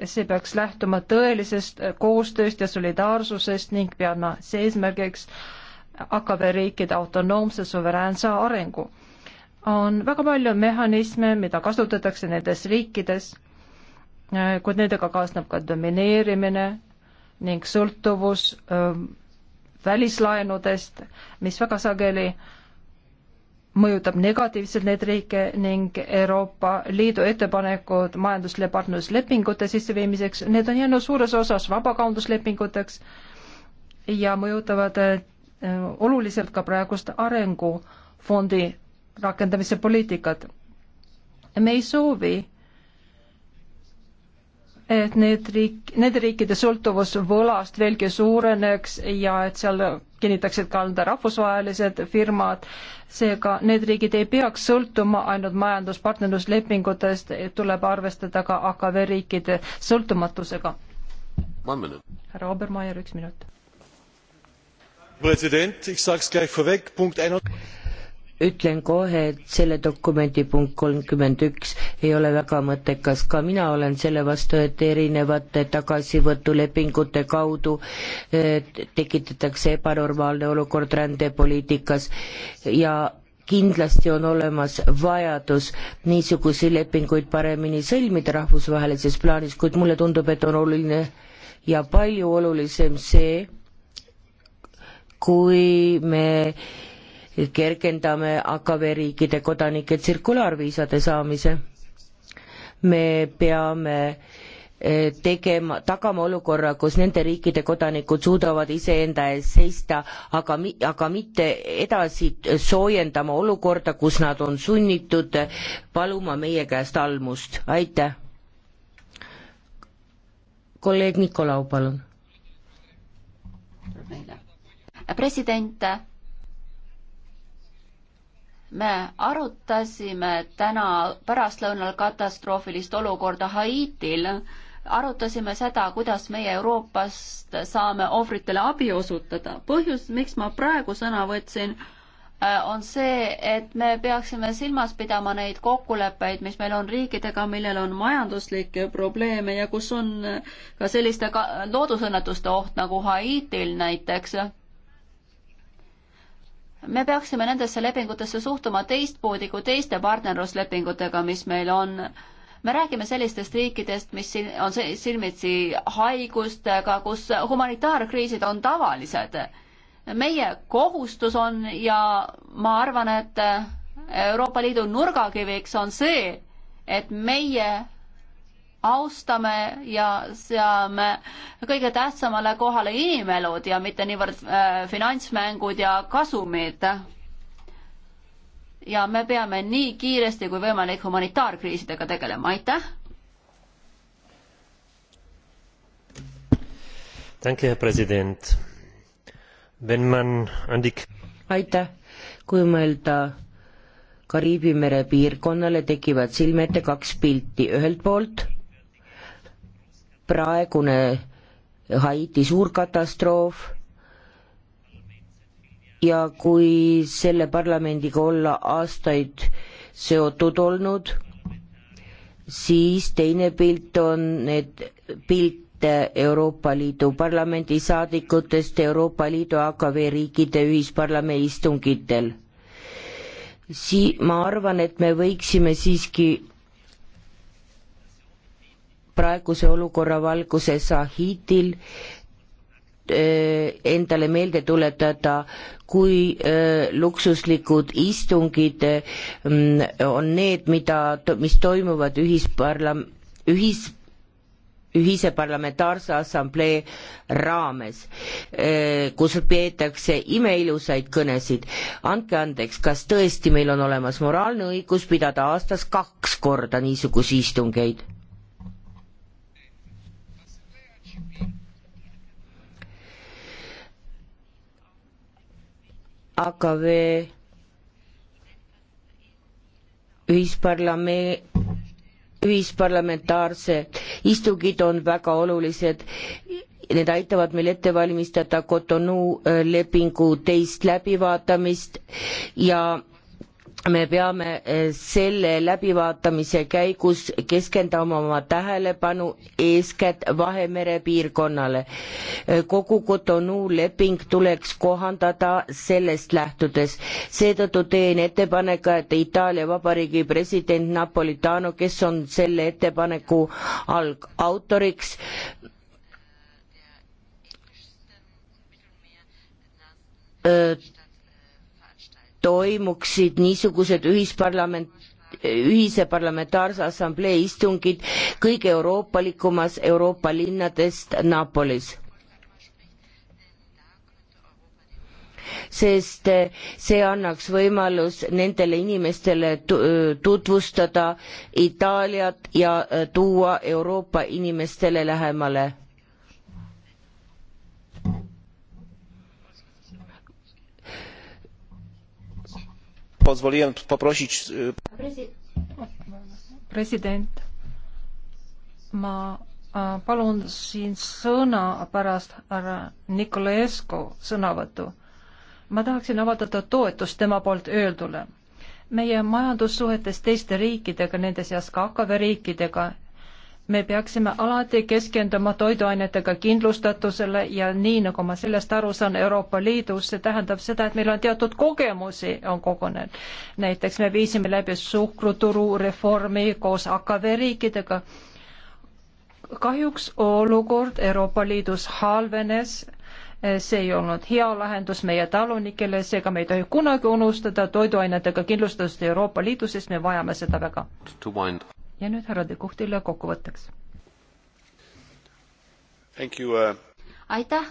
see peaks lähtuma tõelisest koostööst ja solidaarsusest ning peama see eesmärgiks AKV riikide autonoomse suveräänse arengu. on väga palju mehhanisme, mida kasutatakse nendes riikides, eh, kuid nendega kaasneb ka domineerimine ning sõltuvus eh, välislaenudest, mis väga sageli mõjutab negatiivselt neid riike ning Euroopa Liidu ettepanekud majandus- ja partnerluslepingute sisseviimiseks, need on jäänud suures osas vabakaubanduslepinguteks ja mõjutavad eh, Äh, oluliselt ka praegust arengufondi rakendamise poliitikat. me ei soovi, et need riik, nende riikide sõltuvus võlast veelgi suureneks ja et seal kinnitaksid ka anda rahvusvahelised firmad, seega need riigid ei peaks sõltuma ainult majanduspartnerluslepingutest, tuleb arvestada ka AKV riikide sõltumatusega. härra Obermeier, üks minut ütlen kohe, et selle dokumendi punkt kolmkümmend üks ei ole väga mõttekas, ka mina olen selle vastu, et erinevate tagasivõtulepingute kaudu tekitatakse ebanormaalne olukord rändepoliitikas ja kindlasti on olemas vajadus niisuguseid lepinguid paremini sõlmida rahvusvahelises plaanis, kuid mulle tundub, et on oluline ja palju olulisem see, kui me kergendame AKV riikide kodanike tsirkulaarviisade saamise. me peame eh, tegema, tagama olukorra, kus nende riikide kodanikud suudavad iseenda eest seista, aga mi-, aga mitte edasi soojendama olukorda, kus nad on sunnitud eh, paluma meie käest almust, aitäh. kolleeg Nikolau, palun. meile president, me arutasime täna pärastlõunal katastroofilist olukorda Haitil, arutasime seda, kuidas meie Euroopast saame ohvritele abi osutada. põhjus, miks ma praegu sõna võtsin, äh, on see, et me peaksime silmas pidama neid kokkuleppeid, mis meil on riikidega, millel on majanduslikke probleeme ja kus on ka selliste ka loodusõnnetuste oht nagu Haitil näiteks me peaksime nendesse lepingutesse suhtuma teistmoodi kui teiste partnerluslepingutega, mis meil on. me räägime sellistest riikidest, mis on silmitsi haigustega, kus humanitaarkriisid on tavalised. meie kohustus on ja ma arvan, et Euroopa Liidu nurgakiviks on see, et meie austame ja seame kõige tähtsamale kohale inimelud ja mitte niivõrd äh, finantsmängud ja kasumid. ja me peame nii kiiresti kui võimalik humanitaarkriisidega tegelema, aitäh. aitäh, kui mõelda Kariibi mere piirkonnale, tekivad silme ette kaks pilti, ühelt poolt praegune Haiti suurkatastroof ja kui selle parlamendiga olla aastaid seotud olnud, siis teine pilt on need pilte Euroopa Liidu Parlamendi saadikutest Euroopa Liidu AKV riikide ühisparlamendi istungitel. Sii-, ma arvan, et me võiksime siiski praeguse olukorra valguses Hahitil eh, endale meelde tuletada, kui eh, luksuslikud istungid mm, on need, mida, mis toimuvad ühisparlam-, ühis, ühise parlamentaarse assamblee raames, eh, kus peetakse imeilusaid kõnesid. andke andeks, kas tõesti meil on olemas moraalne õigus pidada aastas kaks korda niisuguseid istungeid? AKV ühisparlamee-, ühisparlamentaarsed istungid on väga olulised. Need aitavad meil ette valmistada Cotonou äh, lepingu teist läbivaatamist ja me peame eh, selle läbivaatamise käigus keskendama oma tähelepanu eeskätt Vahemere piirkonnale. Eh, kogu Cotonou leping tuleks kohandada sellest lähtudes. seetõttu teen ettepaneku, et Itaalia Vabariigi president Napolitano, kes on selle ettepaneku algautoriks, eh, toimuksid niisugused ühisparlament, ühise parlamentaarse assamblee istungid kõige euroopalikumas Euroopa linnadest Napolis sest eh, see annaks võimalus nendele inimestele tutvustada Itaaliat ja eh, tuua Euroopa inimestele lähemale. pozwoliłem poprosić president ma palun siin sõna pärast härra Nikolaescu sõnavõttu. ma tahaksin avaldada toetust tema poolt öeldule. meie majandussuhetes teiste riikidega, nende seas ka AKV riikidega, me peaksime alati keskenduma toiduainetega kindlustatusele ja nii, nagu ma sellest aru saan Euroopa Liidus, see tähendab seda, et meil on teatud kogemusi on kogunenud. näiteks me viisime läbi suhkruturu reformi koos AKV riikidega. kahjuks olukord Euroopa Liidus halvenes see ei olnud hea lahendus meie talunikele, seega me ei tohi kunagi unustada toiduainetega kindlustatust Euroopa Liidus, sest me vajame seda väga ja nüüd härra De Kohtile kokkuvõtteks. Uh... aitäh,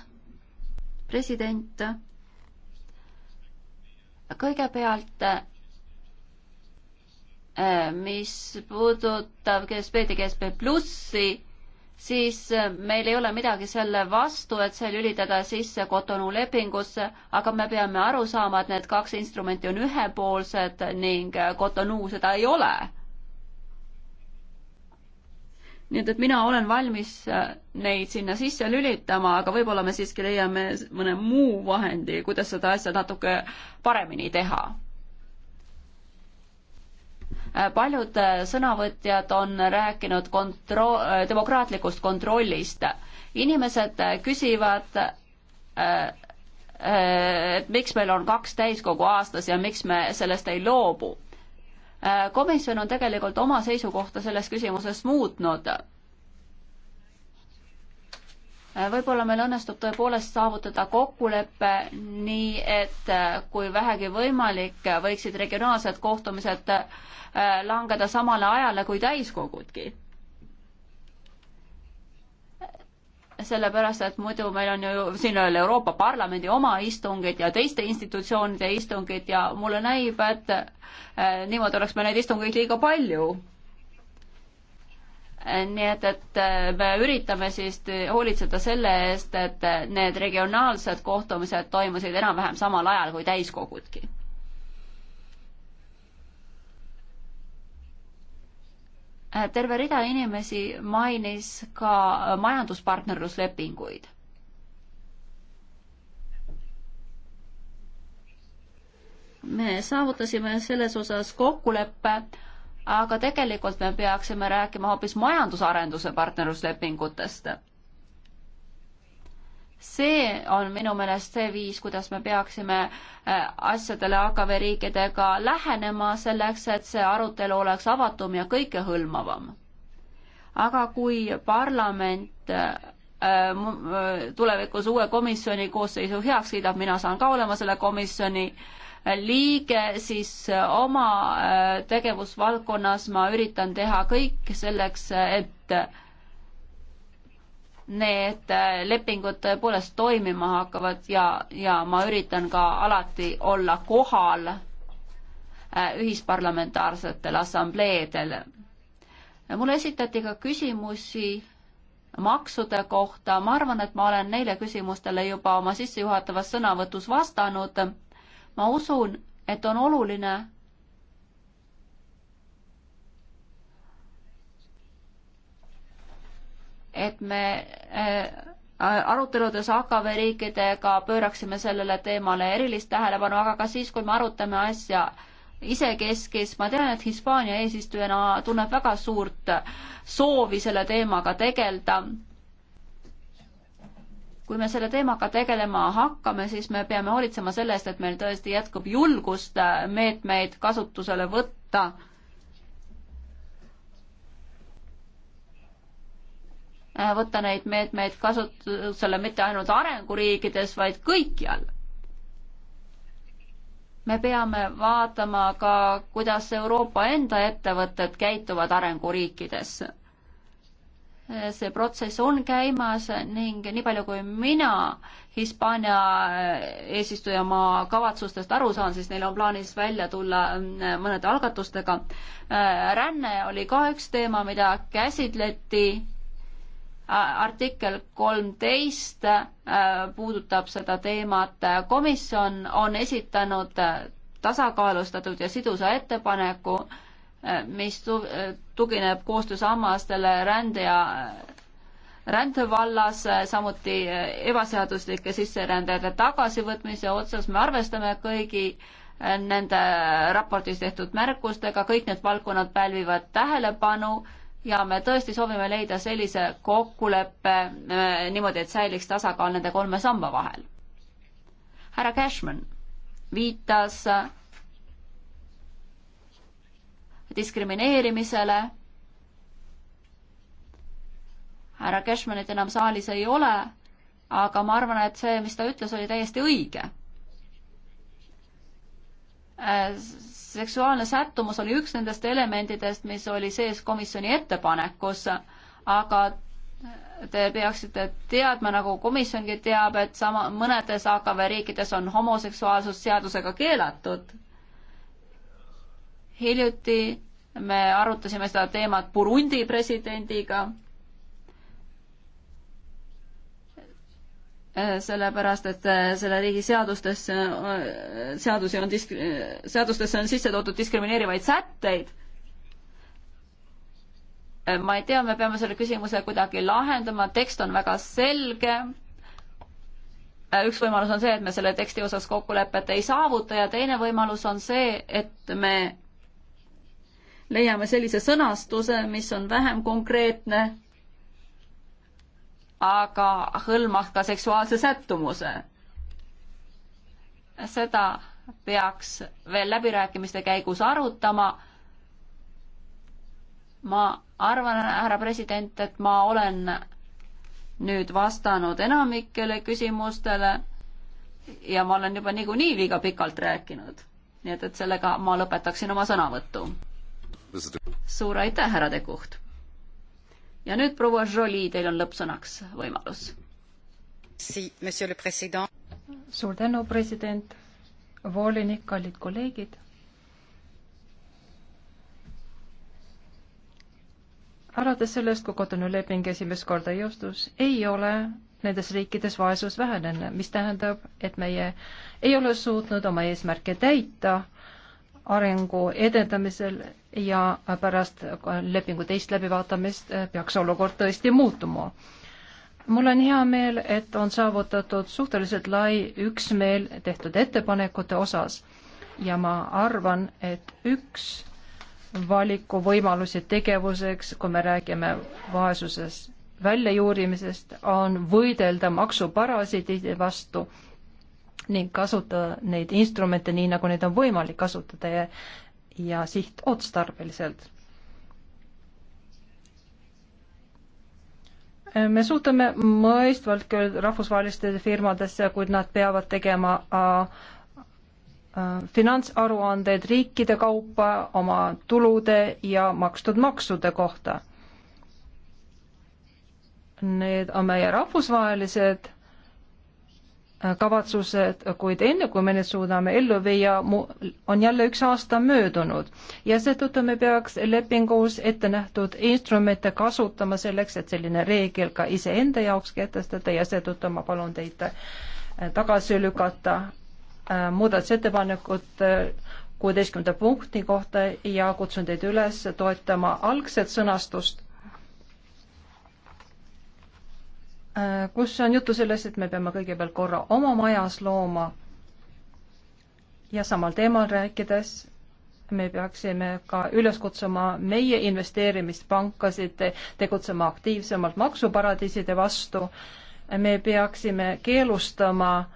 president. kõigepealt äh, mis puudutab GSB-d ja GSB plussi, siis äh, meil ei ole midagi selle vastu, et see lülitada sisse Cotonou lepingusse, aga me peame aru saama, et need kaks instrumenti on ühepoolsed ning Cotonou seda ei ole nii et, et mina olen valmis äh, neid sinna sisse lülitama, aga võib-olla me siiski leiame mõne muu vahendi, kuidas seda asja natuke paremini teha. Äh, paljud äh, sõnavõtjad on rääkinud kontro-, demokraatlikust kontrollist. inimesed küsivad äh, et miks meil on kaks täiskogu aastas ja miks me sellest ei loobu. Äh, komisjon on tegelikult oma seisukohta selles küsimuses muutnud. Äh, võib-olla meil õnnestub tõepoolest saavutada kokkulepe, nii et äh, kui vähegi võimalik, võiksid regionaalsed kohtumised langeda samale ajale kui täiskogudki sellepärast et muidu meil on ju siin veel Euroopa Parlamendi oma istungid ja teiste institutsioonide istungid ja mulle näib, et eh, niimoodi oleks meil neid istungeid liiga palju nii et, et eh, me üritame siis hoolitseda selle eest, et eh, need regionaalsed kohtumised toimusid enam-vähem samal ajal kui täiskogudki Äh, terve rida inimesi mainis ka äh, majanduspartnerluslepinguid. me saavutasime selles osas kokkuleppe, aga tegelikult me peaksime rääkima hoopis majandusarenduse partnerluslepingutest see on minu meelest see viis, kuidas me peaksime äh, asjadele AKV riikidega lähenema, selleks et see arutelu oleks avatum ja kõikehõlmavam. aga kui parlament äh, äh, tulevikus uue komisjoni koosseisu heaks kiidab, mina saan ka olema selle komisjoni liige, siis oma tegevusvaldkonnas ma üritan teha kõik selleks, et need äh, lepingud tõepoolest toimima hakkavad ja, ja ma üritan ka alati olla kohal äh, ühisparlamentaarsetel assambleedel. mulle esitati ka küsimusi maksude kohta, ma arvan, et ma olen neile küsimustele juba oma sissejuhatavas sõnavõtus vastanud. ma usun, et on oluline et me äh, aruteludes AKV riikidega pööraksime sellele teemale erilist tähelepanu, aga ka siis, kui me arutame asja isekeskis, ma tean, et Hispaania eesistujana tunneb väga suurt soovi selle teemaga tegeleda. kui me selle teemaga tegelema hakkame, siis me peame hoolitsema selle eest, et meil tõesti jätkub julgust meetmeid kasutusele võtta Äh, võtta neid meetmeid kasutusele mitte ainult arenguriikides, vaid kõikjal. me peame vaatama ka, kuidas Euroopa enda ettevõtted käituvad arenguriikides. Äh, see protsess on käimas ning nii palju, kui mina Hispaania äh, eesistujamaa kavatsustest aru saan, siis neil on plaanis välja tulla mõnede algatustega. ränne oli ka üks teema, mida käsitleti artikkel kolmteist äh, puudutab seda teemat. komisjon on esitanud äh, tasakaalustatud ja sidusa ettepaneku, äh, mis tugineb koostöösammastele rände ja rändevallas, samuti ebaseaduslike sisserändajate tagasivõtmise otsas, me arvestame kõigi nende raportis tehtud märkustega, kõik need valdkonnad pälvivad tähelepanu ja me tõesti soovime leida sellise kokkuleppe äh, niimoodi, et säiliks tasakaal nende kolme samba vahel. härra Cashman viitas äh, diskrimineerimisele. härra Cashmanit enam saalis ei ole, aga ma arvan, et see, mis ta ütles, oli täiesti õige äh, seksuaalne sättumus oli üks nendest elementidest, mis oli sees komisjoni ettepanekus, aga te peaksite teadma, nagu komisjongi teab, et sama, mõnedes AKV riikides on homoseksuaalsus seadusega keelatud. hiljuti me arutasime seda teemat Burundi presidendiga Äh, sellepärast et äh, selle riigi seadustesse, äh, seadusi on disk-, seadustesse on sisse toodud diskrimineerivaid sätteid. ma ei tea, me peame selle küsimuse kuidagi lahendama, tekst on väga selge. üks võimalus on see, et me selle teksti osas kokkulepet ei saavuta ja teine võimalus on see, et me leiame sellise sõnastuse, mis on vähem konkreetne aga hõlmas ka seksuaalse sättumuse. seda peaks veel läbirääkimiste käigus arutama. ma arvan, härra president, et ma olen nüüd vastanud enamikele küsimustele ja ma olen juba niikuinii liiga pikalt rääkinud. nii et, et sellega ma lõpetaksin oma sõnavõttu. suur aitäh, härra Tekuht! ja nüüd proua Jolie, teil on lõppsõnaks võimalus. suur tänu, president, volinik, kallid kolleegid. alates sellest, kui Cotonou leping esimest korda jõustus, ei ole nendes riikides vaesus vähenenud, mis tähendab, et meie ei ole suutnud oma eesmärke täita arengu edendamisel ja pärast lepingu teist läbivaatamist eh, peaks olukord tõesti muutuma. mul on hea meel, et on saavutatud suhteliselt lai üksmeel tehtud ettepanekute osas ja ma arvan, et üks valikuvõimalusi tegevuseks, kui me räägime vaesusest väljajuurimisest, on võidelda maksuparasiidide vastu ning kasutada neid instrumente nii, nagu neid on võimalik kasutada ja, ja sihtotstarbeliselt. me suhtume mõistvalt küll rahvusvahelistesse firmadesse, kuid nad peavad tegema äh, finantsaruandeid riikide kaupa oma tulude ja makstud maksude kohta. Need on meie rahvusvahelised kavatsused, kuid enne kui me need suudame ellu viia, on jälle üks aasta möödunud ja seetõttu me peaks lepingus ette nähtud instrumente kasutama selleks, et selline reegel ka iseenda jaoks kehtestada ja seetõttu ma palun teid äh, tagasi lükata äh, muudatusettepanekut äh, kuueteistkümnenda punkti kohta ja kutsun teid üles toetama algset sõnastust Äh, kus on juttu sellest, et me peame kõigepealt korra oma majas looma ja samal teemal rääkides me peaksime ka üles kutsuma meie investeerimispankasid tegutsema aktiivsemalt maksuparadiiside vastu. me peaksime keelustama äh,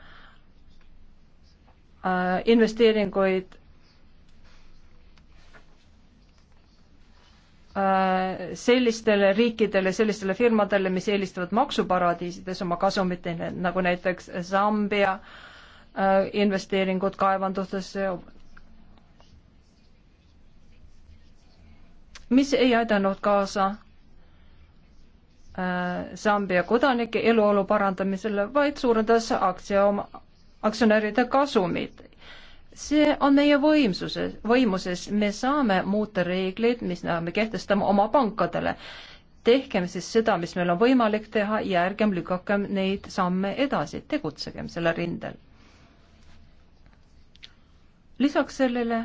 investeeringuid Äh, sellistele riikidele, sellistele firmadele, mis eelistavad maksuparadiisides oma kasumit, nagu näiteks Zambia äh, investeeringud kaevandustesse, mis ei aidanud kaasa äh, Zambia kodanike eluolu parandamisele, vaid suurendas aktsia, aktsionäride kasumit see on meie võimsuses, võimuses, me saame muuta reegleid, mis me kehtestame oma pankadele. tehkem siis seda, mis meil on võimalik teha ja ärgem lükakem neid samme edasi, tegutsegem selle rindel. lisaks sellele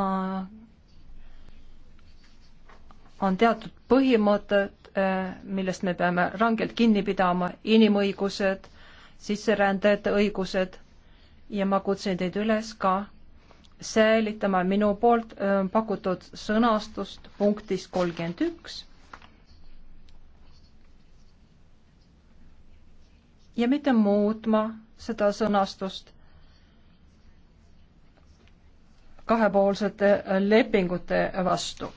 äh, on teatud põhimõtted, äh, millest me peame rangelt kinni pidama, inimõigused, sisserändajate õigused ja ma kutsun teid üles ka säilitama minu poolt pakutud sõnastust punktis kolmkümmend üks. ja mitte muutma seda sõnastust kahepoolsete lepingute vastu.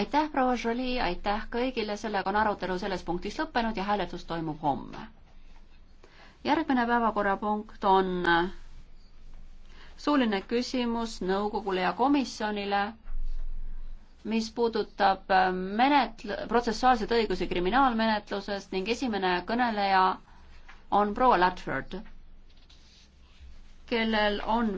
aitäh, proua Jolie, aitäh kõigile, sellega on arutelu selles punktis lõppenud ja hääletus toimub homme järgmine päevakorrapunkt on äh, suuline küsimus nõukogule ja komisjonile, mis puudutab äh, menetl-, protsessuaalseid õigusi kriminaalmenetluses ning esimene kõneleja on proua Ladford, kellel on